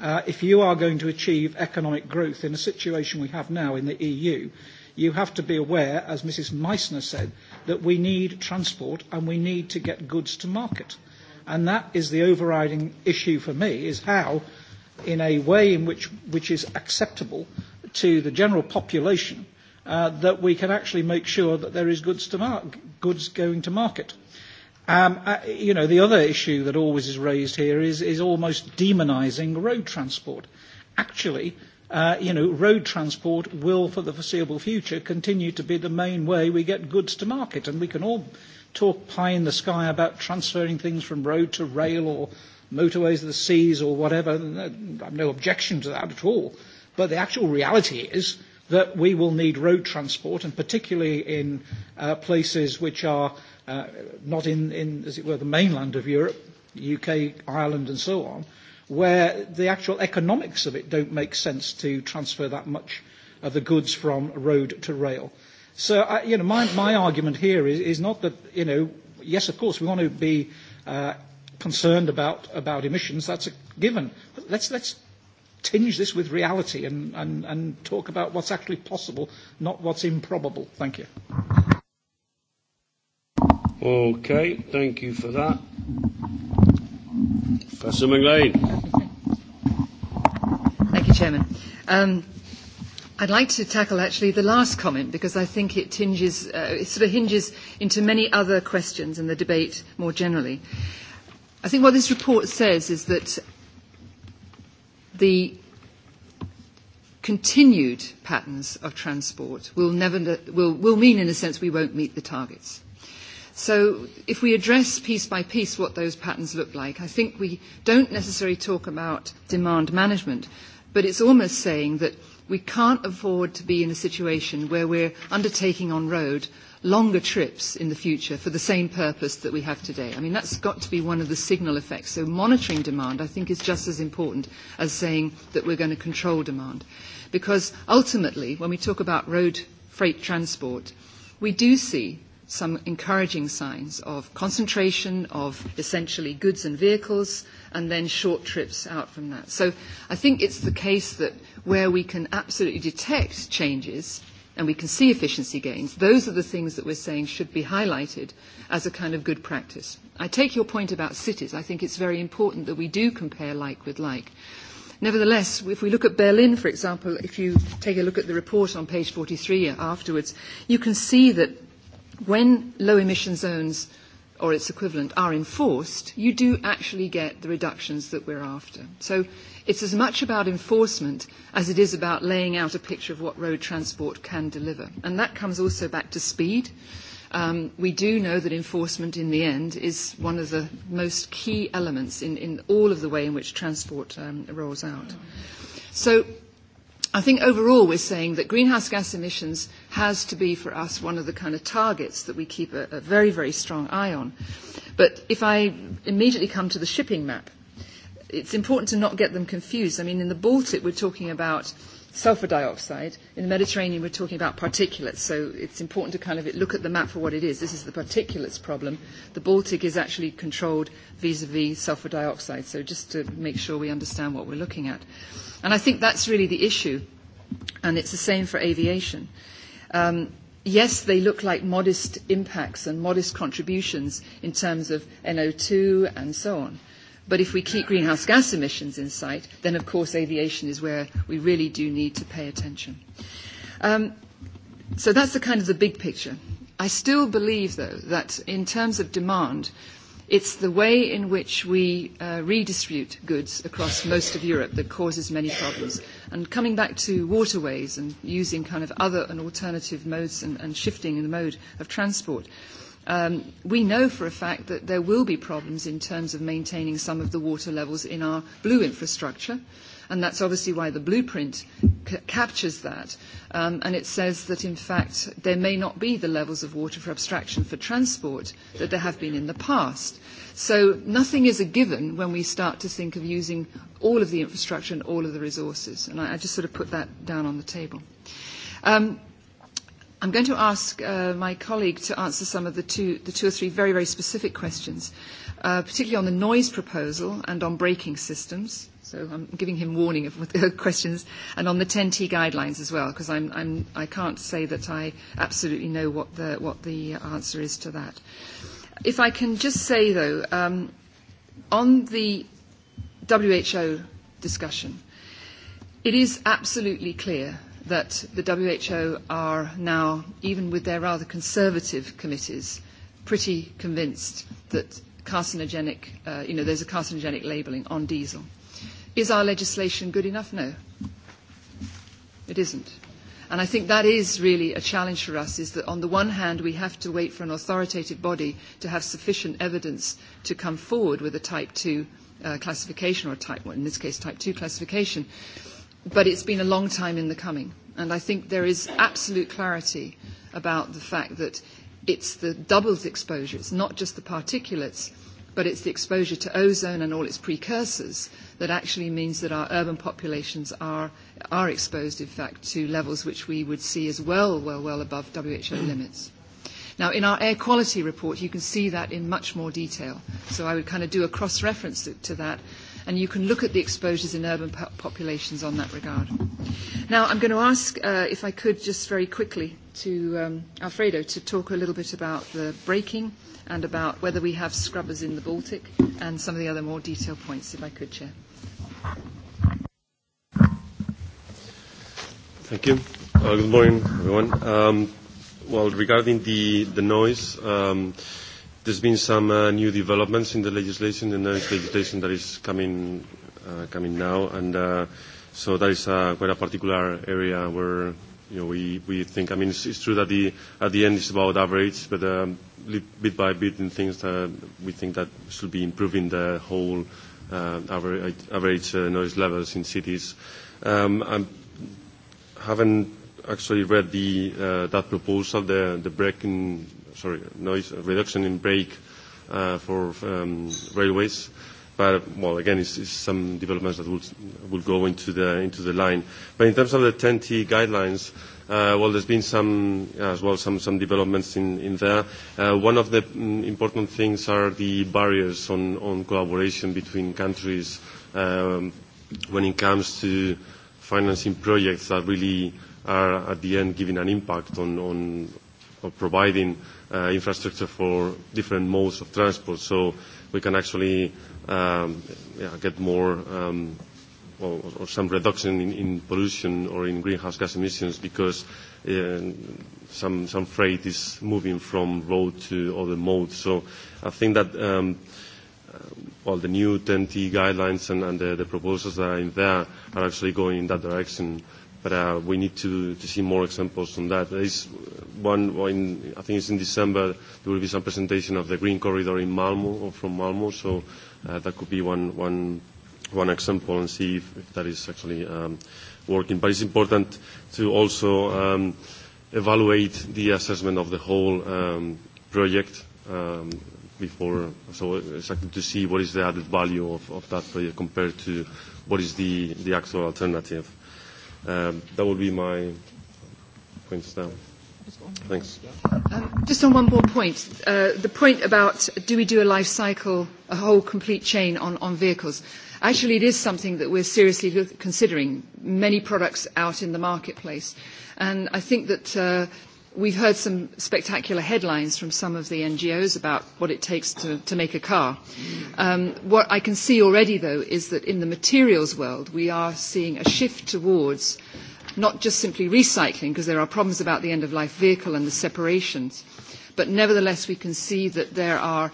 Uh, if you are going to achieve economic growth in a situation we have now in the EU, you have to be aware, as Mrs. Meissner said, that we need transport and we need to get goods to market. Uh, And that is the overriding issue for me, is how, in a way in which, which is acceptable to the general population, uh, that we can actually make sure that there is goods, to mar- goods going to market. Um, uh, you know, the other issue that always is raised here is, is almost demonising road transport. Actually, uh, you know, road transport will, for the foreseeable future, continue to be the main way we get goods to market, and we can all talk pie in the sky about transferring things from road to rail or motorways of the seas or whatever. I have no objection to that at all. But the actual reality is that we will need road transport, and particularly in uh, places which are uh, not in, in, as it were, the mainland of Europe, UK, Ireland, and so on, where the actual economics of it don't make sense to transfer that much of the goods from road to rail. So, I, you know, my, my argument here is, is not that, you know, yes, of course, we want to be uh, concerned about, about emissions. That's a given. But let's, let's tinge this with reality and, and, and talk about what's actually possible, not what's improbable. Thank you. Okay, thank you for that. Professor McLean. Thank you, Chairman. Um, I'd like to tackle actually the last comment because I think it tinges, uh, it sort of hinges into many other questions in the debate more generally. I think what this report says is that the continued patterns of transport will, never, will, will mean, in a sense, we won't meet the targets. So if we address piece by piece what those patterns look like, I think we don't necessarily talk about demand management, but it's almost saying that – we can't afford to be in a situation where we're undertaking on road longer trips in the future for the same purpose that we have today. I mean, that's got to be one of the signal effects. So monitoring demand, I think, is just as important as saying that we're going to control demand. Because ultimately, when we talk about road freight transport, we do see some encouraging signs of concentration of essentially goods and vehicles and then short trips out from that. So I think it's the case that where we can absolutely detect changes and we can see efficiency gains, those are the things that we're saying should be highlighted as a kind of good practice. I take your point about cities. I think it's very important that we do compare like with like. Nevertheless, if we look at Berlin, for example, if you take a look at the report on page 43 afterwards, you can see that when low emission zones or its equivalent are enforced, you do actually get the reductions that we're after. So it's as much about enforcement as it is about laying out a picture of what road transport can deliver. And that comes also back to speed. Um, we do know that enforcement in the end is one of the most key elements in, in all of the way in which transport um, rolls out. So I think overall we're saying that greenhouse gas emissions – has to be for us one of the kind of targets that we keep a, a very, very strong eye on. But if I immediately come to the shipping map, it's important to not get them confused. I mean, in the Baltic, we're talking about sulfur dioxide. In the Mediterranean, we're talking about particulates, so it's important to kind of look at the map for what it is. This is the particulates problem. The Baltic is actually controlled vis-à-vis -vis sulfur dioxide, so just to make sure we understand what we're looking at. And I think that's really the issue, and it's the same for aviation. Uh, Um, yes, they look like modest impacts and modest contributions in terms of NO2 and so on. But if we keep greenhouse gas emissions in sight, then of course aviation is where we really do need to pay attention. Um, so that's the kind of the big picture. I still believe, though, that in terms of demand, It's the way in which we uh, redistribute goods across most of Europe that causes many problems. And coming back to waterways and using kind of other and alternative modes and, and shifting in the mode of transport, um, we know for a fact that there will be problems in terms of maintaining some of the water levels in our blue infrastructure. Uh, And that's obviously why the blueprint c- captures that. Um, and it says that, in fact, there may not be the levels of water for abstraction for transport that there have been in the past. So nothing is a given when we start to think of using all of the infrastructure and all of the resources. And I, I just sort of put that down on the table. Um, I'm going to ask uh, my colleague to answer some of the two, the two or three very, very specific questions, uh, particularly on the noise proposal and on braking systems. So I'm giving him warning of what, uh, questions. And on the 10T guidelines as well, because I'm, I'm, I can't say that I absolutely know what the, what the answer is to that. If I can just say, though, um, on the WHO discussion, it is absolutely clear that the WHO are now, even with their rather conservative committees, pretty convinced that carcinogenic, uh, you know, there's a carcinogenic labeling on diesel. Is our legislation good enough? No. It isn't. And I think that is really a challenge for us, is that on the one hand, we have to wait for an authoritative body to have sufficient evidence to come forward with a type 2 uh, classification, or type 1, in this case, type 2 classification. But it's been a long time in the coming. And I think there is absolute clarity about the fact that it's the doubles exposure, it's not just the particulates but it's the exposure to ozone and all its precursors that actually means that our urban populations are, are exposed, in fact, to levels which we would see as well, well, well above WHO mm. limits. Now, in our air quality report, you can see that in much more detail. So I would kind of do a cross-reference to, to that, and you can look at the exposures in urban po- populations on that regard. Now, I'm going to ask, uh, if I could, just very quickly, to um, Alfredo to talk a little bit about the braking and about whether we have scrubbers in the Baltic and some of the other more detailed points, if I could, Chair. Thank you. Uh, good morning, everyone. Um, well, regarding the, the noise, um, there's been some uh, new developments in the legislation, the noise legislation that is coming, uh, coming now, and uh, so that is uh, quite a particular area where you know, we, we think, I mean, it's, it's true that the, at the end it's about average, but um, bit by bit in things that we think that should be improving the whole uh, average, average uh, noise levels in cities. Um, I haven't actually read the, uh, that proposal, the, the break in, sorry, noise reduction in brake uh, for um, railways. Uh, But well, again, it's, it's some developments that will, will go into the, into the line. But in terms of the 10T guidelines, uh, well, there's been some, uh, as well, some, some developments in, in there. Uh, one of the mm, important things are the barriers on, on collaboration between countries um, when it comes to financing projects that really are, at the end, giving an impact on, on, on providing uh, infrastructure for different modes of transport. So we can actually um, yeah, get more um, or, or some reduction in, in pollution or in greenhouse gas emissions because uh, some, some freight is moving from road to other modes. So I think that um, uh, well, the new TEN-T guidelines and, and the, the proposals that are in there are actually going in that direction. Uh, but uh, we need to, to see more examples on that. There is one, in, I think it's in December, there will be some presentation of the Green Corridor in Malmo, or from Malmo, so uh, that could be one, one, one example and see if, if that is actually um, working. But it's important to also um, evaluate the assessment of the whole um, project um, before, so exactly to see what is the added value of, of that project compared to what is the, the actual alternative. Um, that will be my points now. Thanks. Um, just on one more point, uh, the point about do we do a life cycle, a whole complete chain on, on vehicles. Actually, it is something that we're seriously considering, many products out in the marketplace. And I think that uh, We've heard some spectacular headlines from some of the NGOs about what it takes to, to make a car. Um, what I can see already, though, is that in the materials world, we are seeing a shift towards not just simply recycling, because there are problems about the end-of-life vehicle and the separations, but nevertheless we can see that there are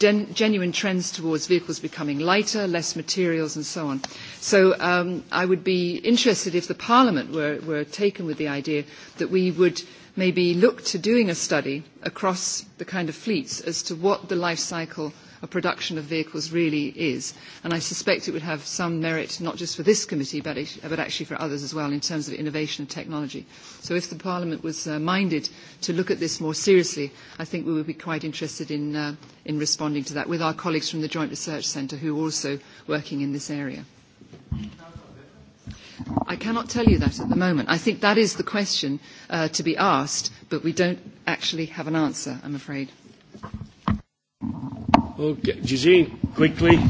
gen- genuine trends towards vehicles becoming lighter, less materials, and so on. So um, I would be interested if the Parliament were, were taken with the idea that we would – maybe look to doing a study across the kind of fleets as to what the life cycle of production of vehicles really is. And I suspect it would have some merit, not just for this committee, but, but actually for others as well, in terms of innovation and technology. So if the Parliament was uh, minded to look at this more seriously, I think we would be quite interested in, uh, in responding to that with our colleagues from the Joint Research Centre who are also working in this area. Thank you. I cannot tell you that at the moment. I think that is the question uh, to be asked, but we don't actually have an answer, I'm afraid. Okay. Gigi, quickly.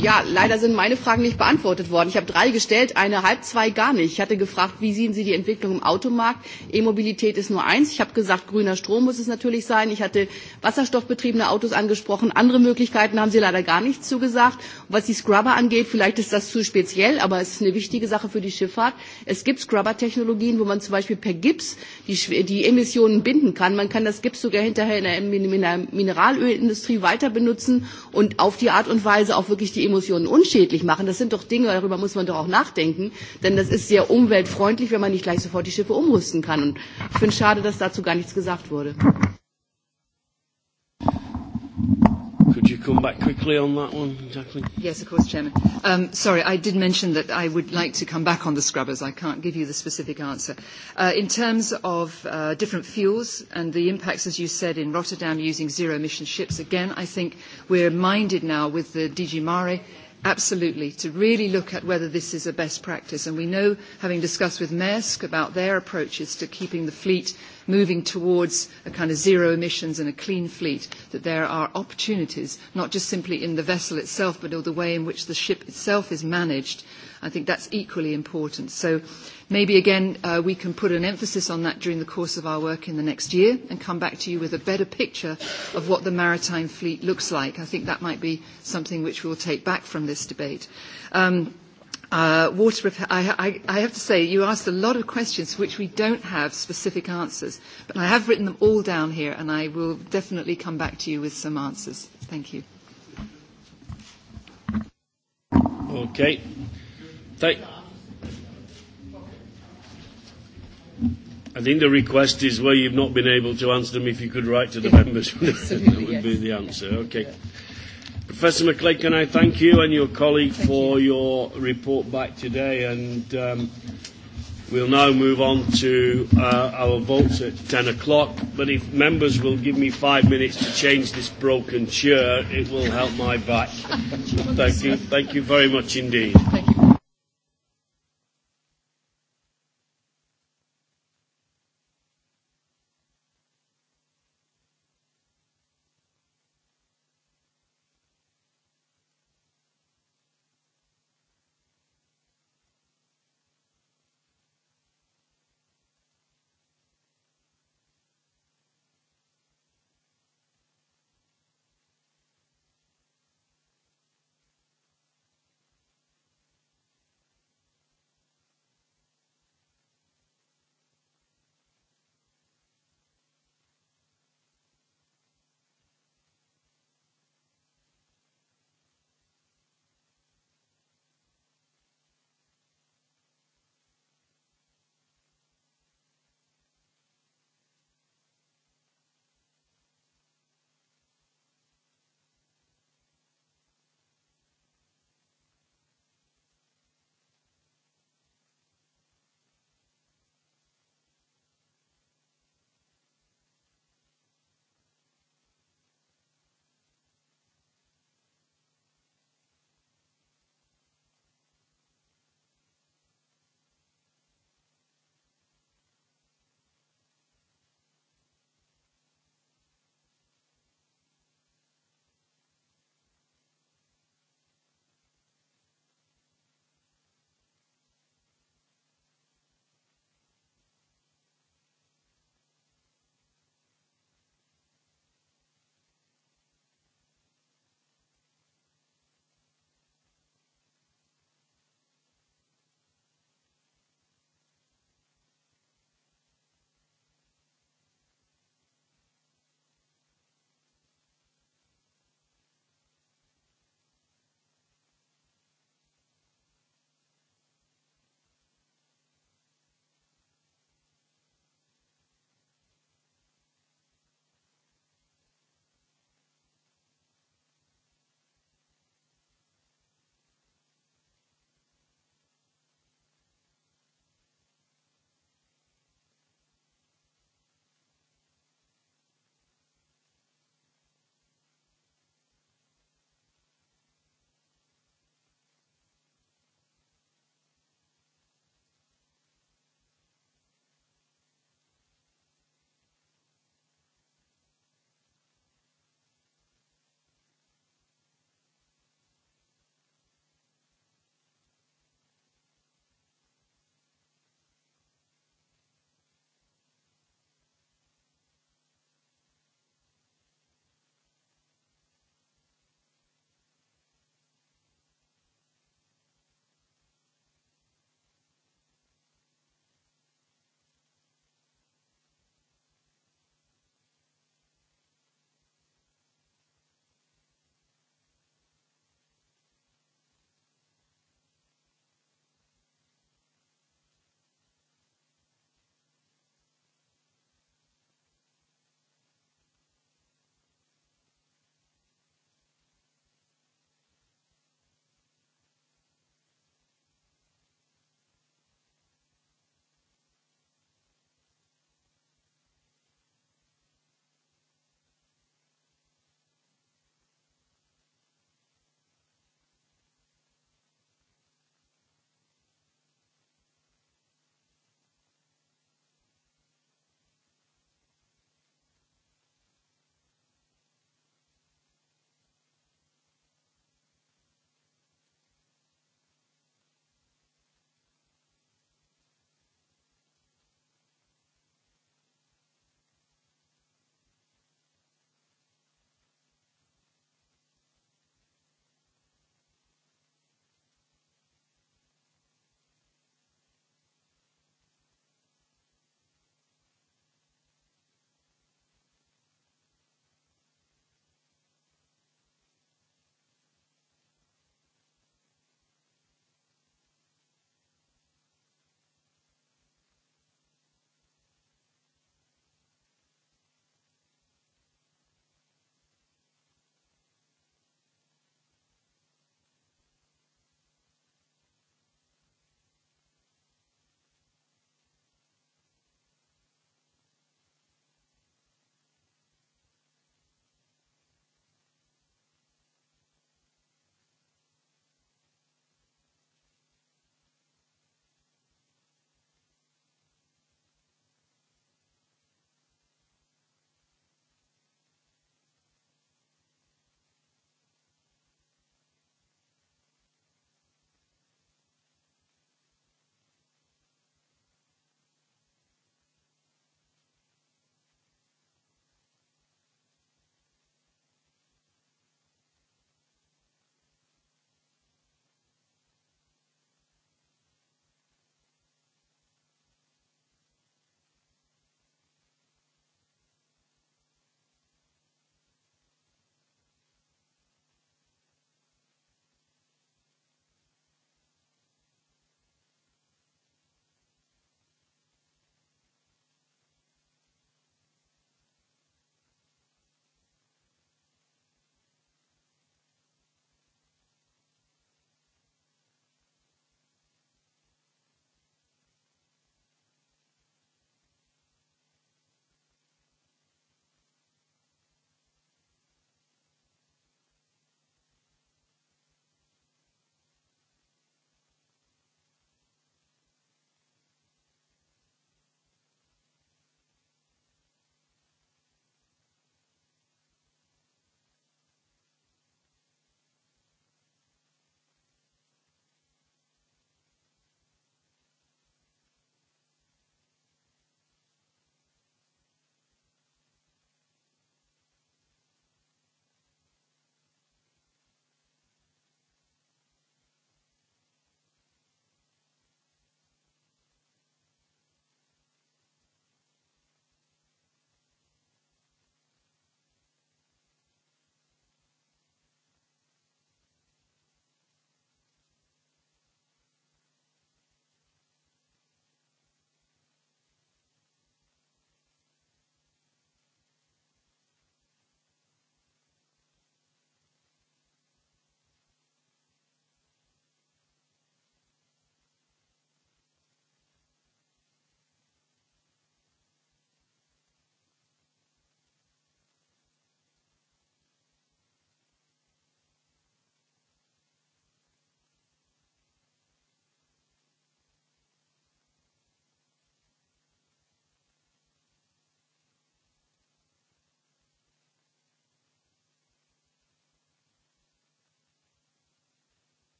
Ja, leider sind meine Fragen nicht beantwortet worden. Ich habe drei gestellt, eine halb, zwei gar nicht. Ich hatte gefragt, wie sehen Sie die Entwicklung im Automarkt? E-Mobilität ist nur eins. Ich habe gesagt, grüner Strom muss es natürlich sein. Ich hatte wasserstoffbetriebene Autos angesprochen. Andere Möglichkeiten haben Sie leider gar nichts zugesagt. Und was die Scrubber angeht, vielleicht ist das zu speziell, aber es ist eine wichtige Sache für die Schifffahrt. Es gibt Scrubber-Technologien, wo man zum Beispiel per Gips die, die Emissionen binden kann. Man kann das Gips sogar hinterher in der Mineralölindustrie weiter benutzen nehmen und auf die Art und Weise auch wirklich die Emotionen unschädlich machen. Das sind doch Dinge, darüber muss man doch auch nachdenken, denn das ist sehr umweltfreundlich, wenn man nicht gleich sofort die Schiffe umrüsten kann. Und ich finde es schade, dass dazu gar nichts gesagt wurde you come back quickly on that one, Jacqueline? Yes, of course, Chairman. Um, sorry, I did mention that I would like to come back on the scrubbers. I can't give you the specific answer. Uh, in terms of uh, different fuels and the impacts, as you said, in Rotterdam using zero-emission ships, again, I think we're minded now with the DG Mare Absolutely, to really look at whether this is a best practice. And we know, having discussed with Maersk about their approaches to keeping the fleet moving towards a kind of zero emissions and a clean fleet, that there are opportunities, not just simply in the vessel itself, but in the way in which the ship itself is managed, I think that's equally important. So maybe again, uh, we can put an emphasis on that during the course of our work in the next year and come back to you with a better picture of what the maritime fleet looks like. I think that might be something which we'll take back from this debate. Um, uh, water repair. I, I, I have to say, you asked a lot of questions which we don't have specific answers, but I have written them all down here, and I will definitely come back to you with some answers. Thank you. Okay. They, tai- I think the request is where you've not been able to answer them, if you could write to the yeah, members. that would yes. be the answer. Okay. Yeah. Professor McClegg, can I thank you and your colleague thank for you. your report back today? And um, we'll now move on to uh, our votes at 10 o'clock. But if members will give me five minutes to change this broken chair, it will help my back. thank you. Thank you very much indeed.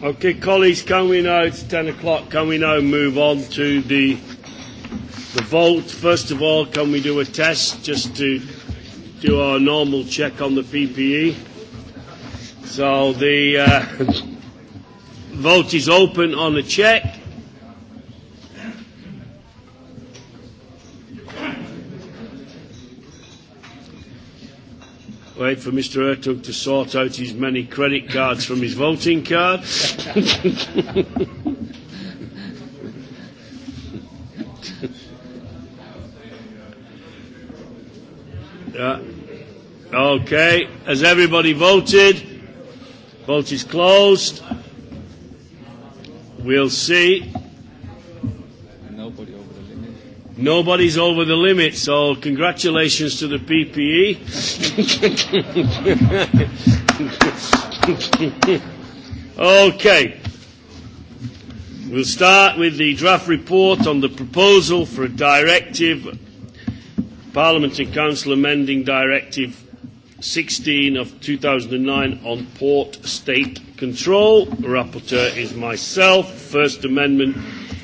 Okay, colleagues, can we now, it's 10 o'clock, can we now move on to the, the vote? First of all, can we do a test just to do our normal check on the PPE? So the uh, vote is open on the check. wait for Mr. Ertug to sort out his many credit cards from his voting card. uh, okay, has everybody voted? Vote is closed. We'll see. Nobody's over the limit, so congratulations to the PPE. okay. We'll start with the draft report on the proposal for a directive, Parliament and Council amending Directive 16 of 2009 on port state control. Rapporteur is myself. First Amendment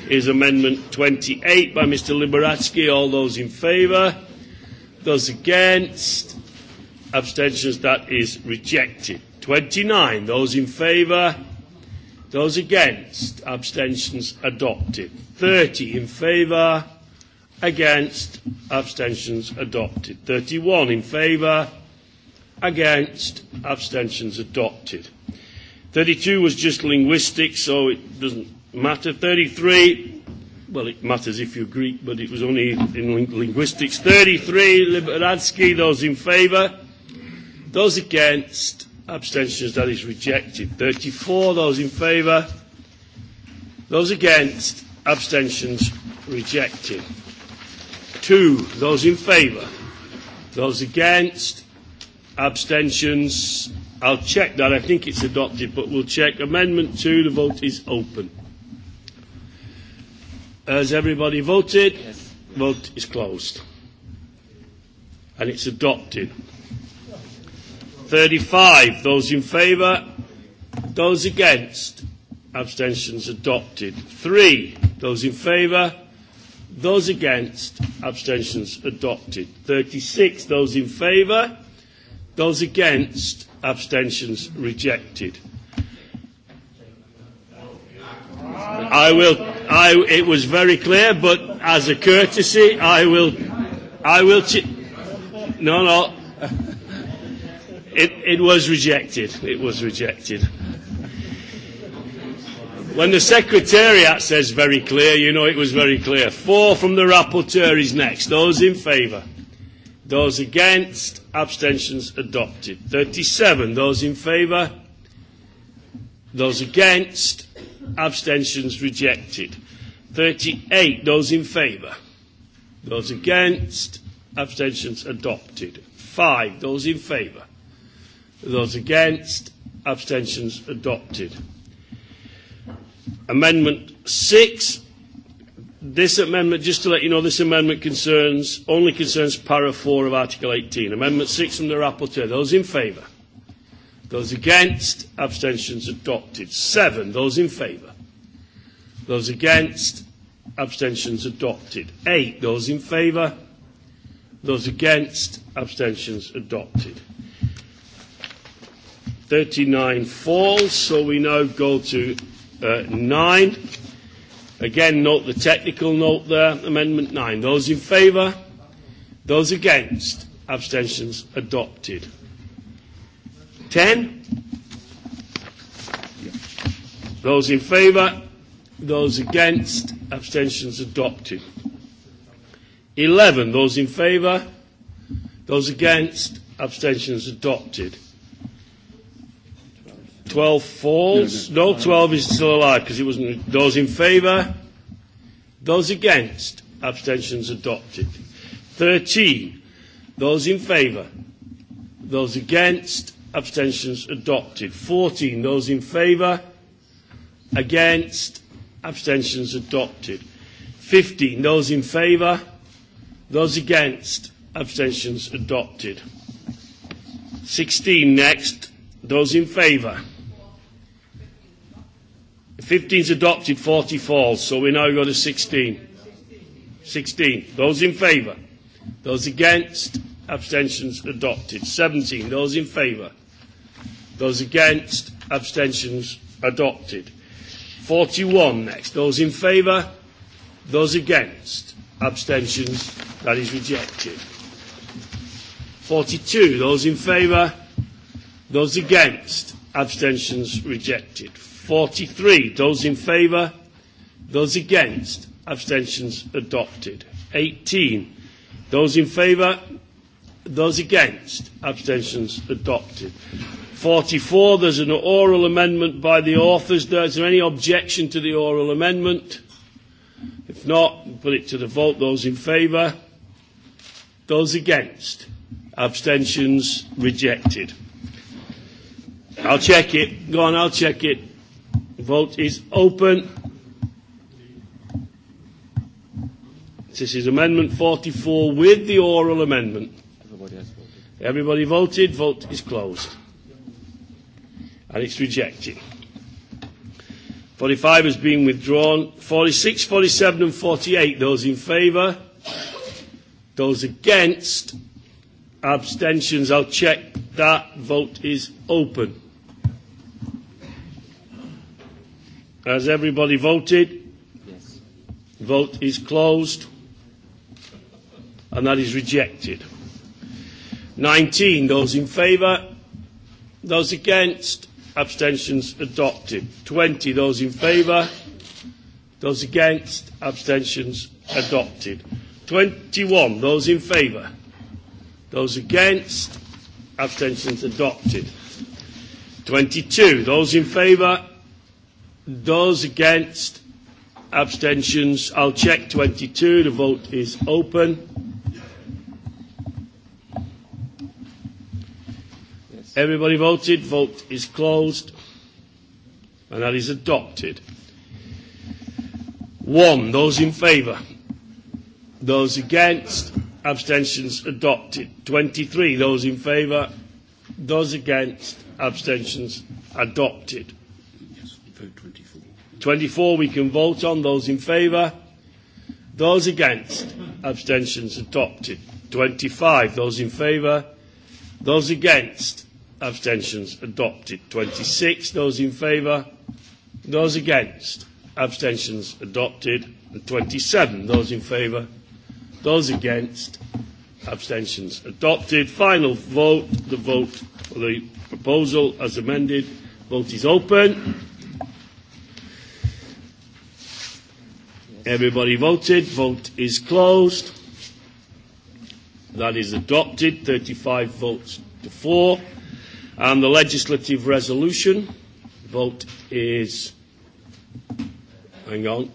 is Amendment 28 by Mr. Liberatsky. All those in favour? Those against? Abstentions? That is rejected. 29. Those in favour? Those against? Abstentions? Adopted. 30 in favour? Against? Abstentions? Adopted. 31 in favour? Against? Abstentions? Adopted. 32 was just linguistic, so it doesn't matter. 33, well, it matters if you're Greek, but it was only in linguistics. 33, Liberadsky, those in favour. Those against, abstentions, that is rejected. 34, those in favour. Those against, abstentions, rejected. 2, those in favour. Those against, abstentions, I'll check that. I think it's adopted, but we'll check. Amendment 2, the vote is open. Has everybody voted? Yes. Vote is closed. And it's adopted. 35. Those in favour? Those against? Abstentions adopted. 3. Those in favour? Those against? Abstentions adopted. 36. Those in favour? Those against? Abstentions rejected. I will. I. It was very clear, but as a courtesy, I will. I will. Ch- no, no. It. It was rejected. It was rejected. When the Secretariat says very clear, you know it was very clear. Four from the Rapporteur is next. Those in favour. Those against. Abstentions adopted. 37. Those in favour. Those against abstentions rejected. 38, those in favour. Those against, abstentions adopted. 5, those in favour. Those against, abstentions adopted. Amendment 6, this amendment, just to let you know, this amendment concerns, only concerns para 4 of Article 18. Amendment 6 from the rapporteur, those in favour. Those against, abstentions adopted. Seven, those in favour. Those against, abstentions adopted. Eight, those in favour. Those against, abstentions adopted. 39 falls, so we now go to uh, 9. Again, note the technical note there, Amendment 9. Those in favour? Those against? Abstentions adopted. 10. Those in favour, those against, abstentions adopted. 11. Those in favour, those against, abstentions adopted. 12 falls. No, no. no 12 is still alive because it wasn't. Those in favour, those against, abstentions adopted. 13. Those in favour, those against, abstentions adopted. 14, those in favour, against, abstentions adopted. 15, those in favour, those against, abstentions adopted. 16 next, those in favour. 15 is adopted, 40 falls, so we now go to 16. 16, those in favour. Those against, abstentions adopted. 17, those in favour. Those against, abstentions adopted. 41 next. Those in favour, those against, abstentions, that is rejected. 42, those in favour, those against, abstentions rejected. 43, those in favour, those against, abstentions adopted. 18, those in favour, those against, abstentions adopted. 44, there's an oral amendment by the authors. Is there any objection to the oral amendment? If not, we'll put it to the vote. Those in favour? Those against? Abstentions? Rejected. I'll check it. Go on, I'll check it. Vote is open. This is Amendment 44 with the oral amendment. Everybody, has voted. Everybody voted. Vote is closed and it's rejected. 45 has been withdrawn. 46, 47 and 48, those in favour. Those against, abstentions, I'll check that. Vote is open. Has everybody voted? Yes. Vote is closed. And that is rejected. 19, those in favour. Those against, abstentions adopted. 20, those in favour, those against, abstentions adopted. 21, those in favour, those against, abstentions adopted. 22, those in favour, those against, abstentions. I'll check 22, the vote is open. Everybody voted. Vote is closed. And that is adopted. One. Those in favour. Those against. Abstentions adopted. 23. Those in favour. Those against. Abstentions adopted. Yes, vote 24. 24 we can vote on. Those in favour. Those against. Abstentions adopted. 25. Those in favour. Those against. Abstentions adopted. 26. Those in favour? Those against? Abstentions adopted. And 27. Those in favour? Those against? Abstentions adopted. Final vote. The vote for the proposal as amended. Vote is open. Everybody voted. Vote is closed. That is adopted. 35 votes to 4. And the legislative resolution vote is. Hang on.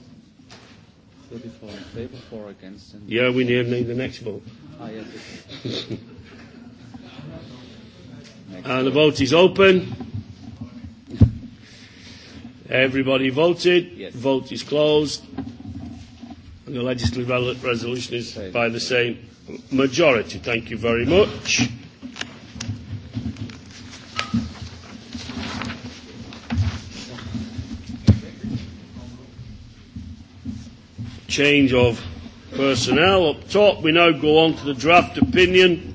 34 in favour, 4 against. And yeah, we need, need the next vote. Ah, yes, okay. and the vote is open. Everybody voted. Yes. Vote is closed. And the legislative resolution is by the same majority. Thank you very much. change of personnel up top. We now go on to the draft opinion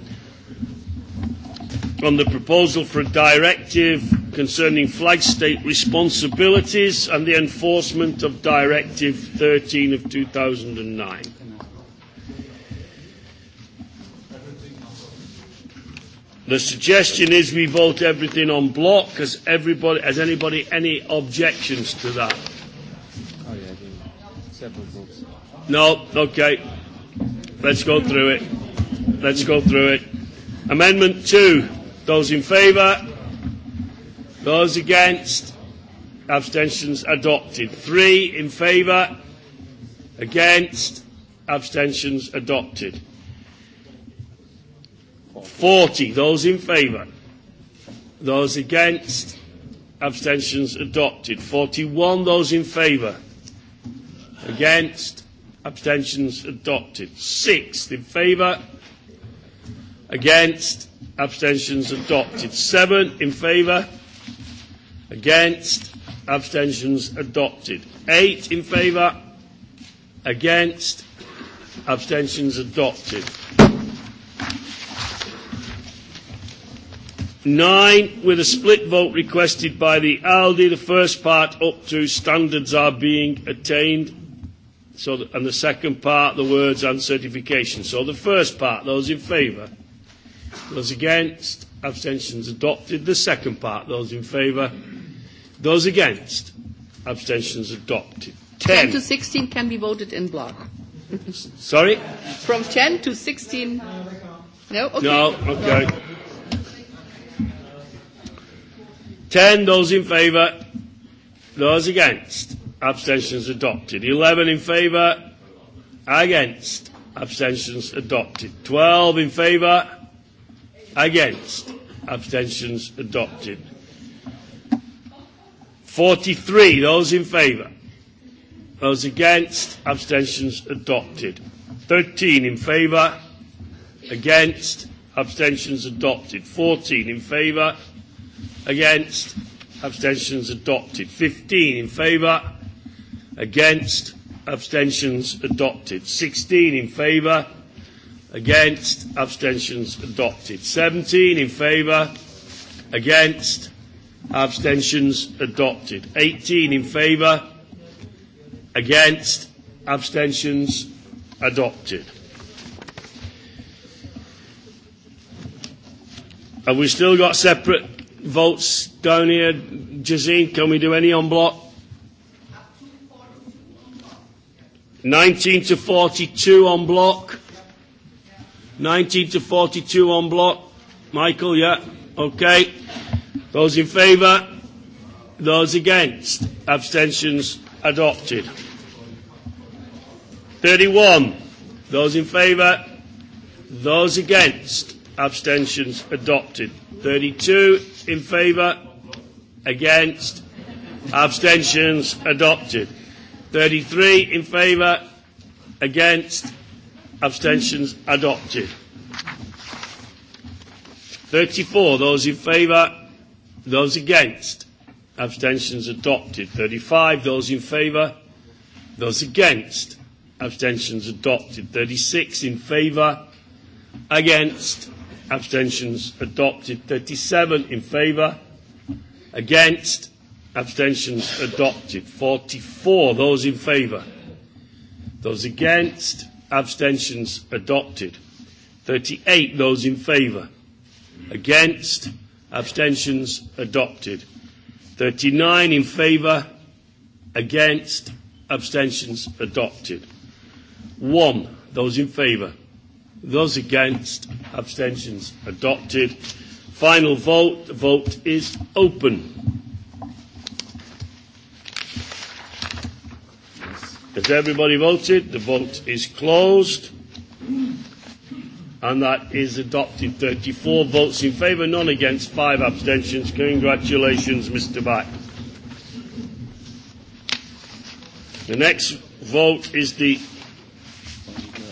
on the proposal for a directive concerning flag state responsibilities and the enforcement of Directive 13 of 2009. The suggestion is we vote everything on block. Has, everybody, has anybody any objections to that? several groups. No, okay. Let's go through it. Let's go through it. Amendment 2. Those in favour? Those against? Abstentions adopted. 3 in favour? Against? Abstentions adopted. 40. Those in favour? Those against? Abstentions adopted. 41. Those in favour? Against? Abstentions adopted. Sixth in favour. Against? Abstentions adopted. Seven in favour. Against? Abstentions adopted. Eight in favour. Against? Abstentions adopted. Nine, with a split vote requested by the ALDE, the first part up to standards are being attained. So, th- and the second part, the words and certification. So the first part, those in favour. Those against, abstentions adopted. The second part, those in favour. Those against, abstentions adopted. 10, 10 to 16 can be voted in block. Sorry? From 10 to 16. No? Okay. No, okay. No. 10, those in favour. Those against, Abstentions adopted. 11 in favour. Against. Abstentions adopted. 12 in favour. Against. Abstentions adopted. 43. Those in favour. Those against. Abstentions adopted. 13 in favour. Against. Abstentions adopted. 14 in favour. Against. Abstentions adopted. 15 in favour. Against. Abstentions adopted. 16 in favour. Against. Abstentions adopted. 17 in favour. Against. Abstentions adopted. 18 in favour. Against. Abstentions adopted. Have we still got separate votes down here, Jazeen? Can we do any on block? 19 to 42 on block. 19 to 42 on block. Michael, yeah? Okay. Those in favour? Those against? Abstentions adopted. 31. Those in favour? Those against? Abstentions adopted. 32 in favour? Against? Abstentions adopted. 33 in favour, against, abstentions adopted. 34, those in favour, those against, abstentions adopted. 35, those in favour, those against, abstentions adopted. 36 in favour, against, abstentions adopted. 37 in favour, against, Abstentions adopted. 44. Those in favour. Those against. Abstentions adopted. 38. Those in favour. Against. Abstentions adopted. 39 in favour. Against. Abstentions adopted. 1. Those in favour. Those against. Abstentions adopted. Final vote. The vote is open. Has everybody voted? The vote is closed. And that is adopted. 34 votes in favour, none against, five abstentions. Congratulations, Mr. Back. The next vote is the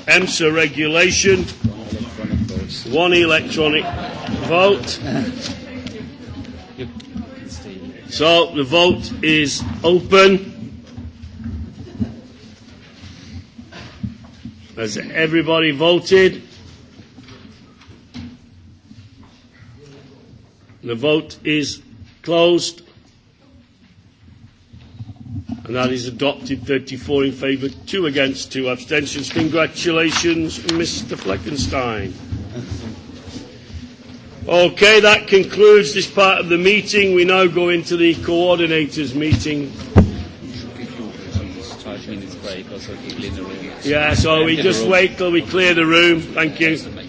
EMSA regulation. One electronic vote. So the vote is open. Has everybody voted? The vote is closed. And that is adopted 34 in favour, 2 against, 2 abstentions. Congratulations, Mr Fleckenstein. Okay, that concludes this part of the meeting. We now go into the coordinators' meeting break or something in the room. Yeah, so we just room. wait till we clear the room. Thank you.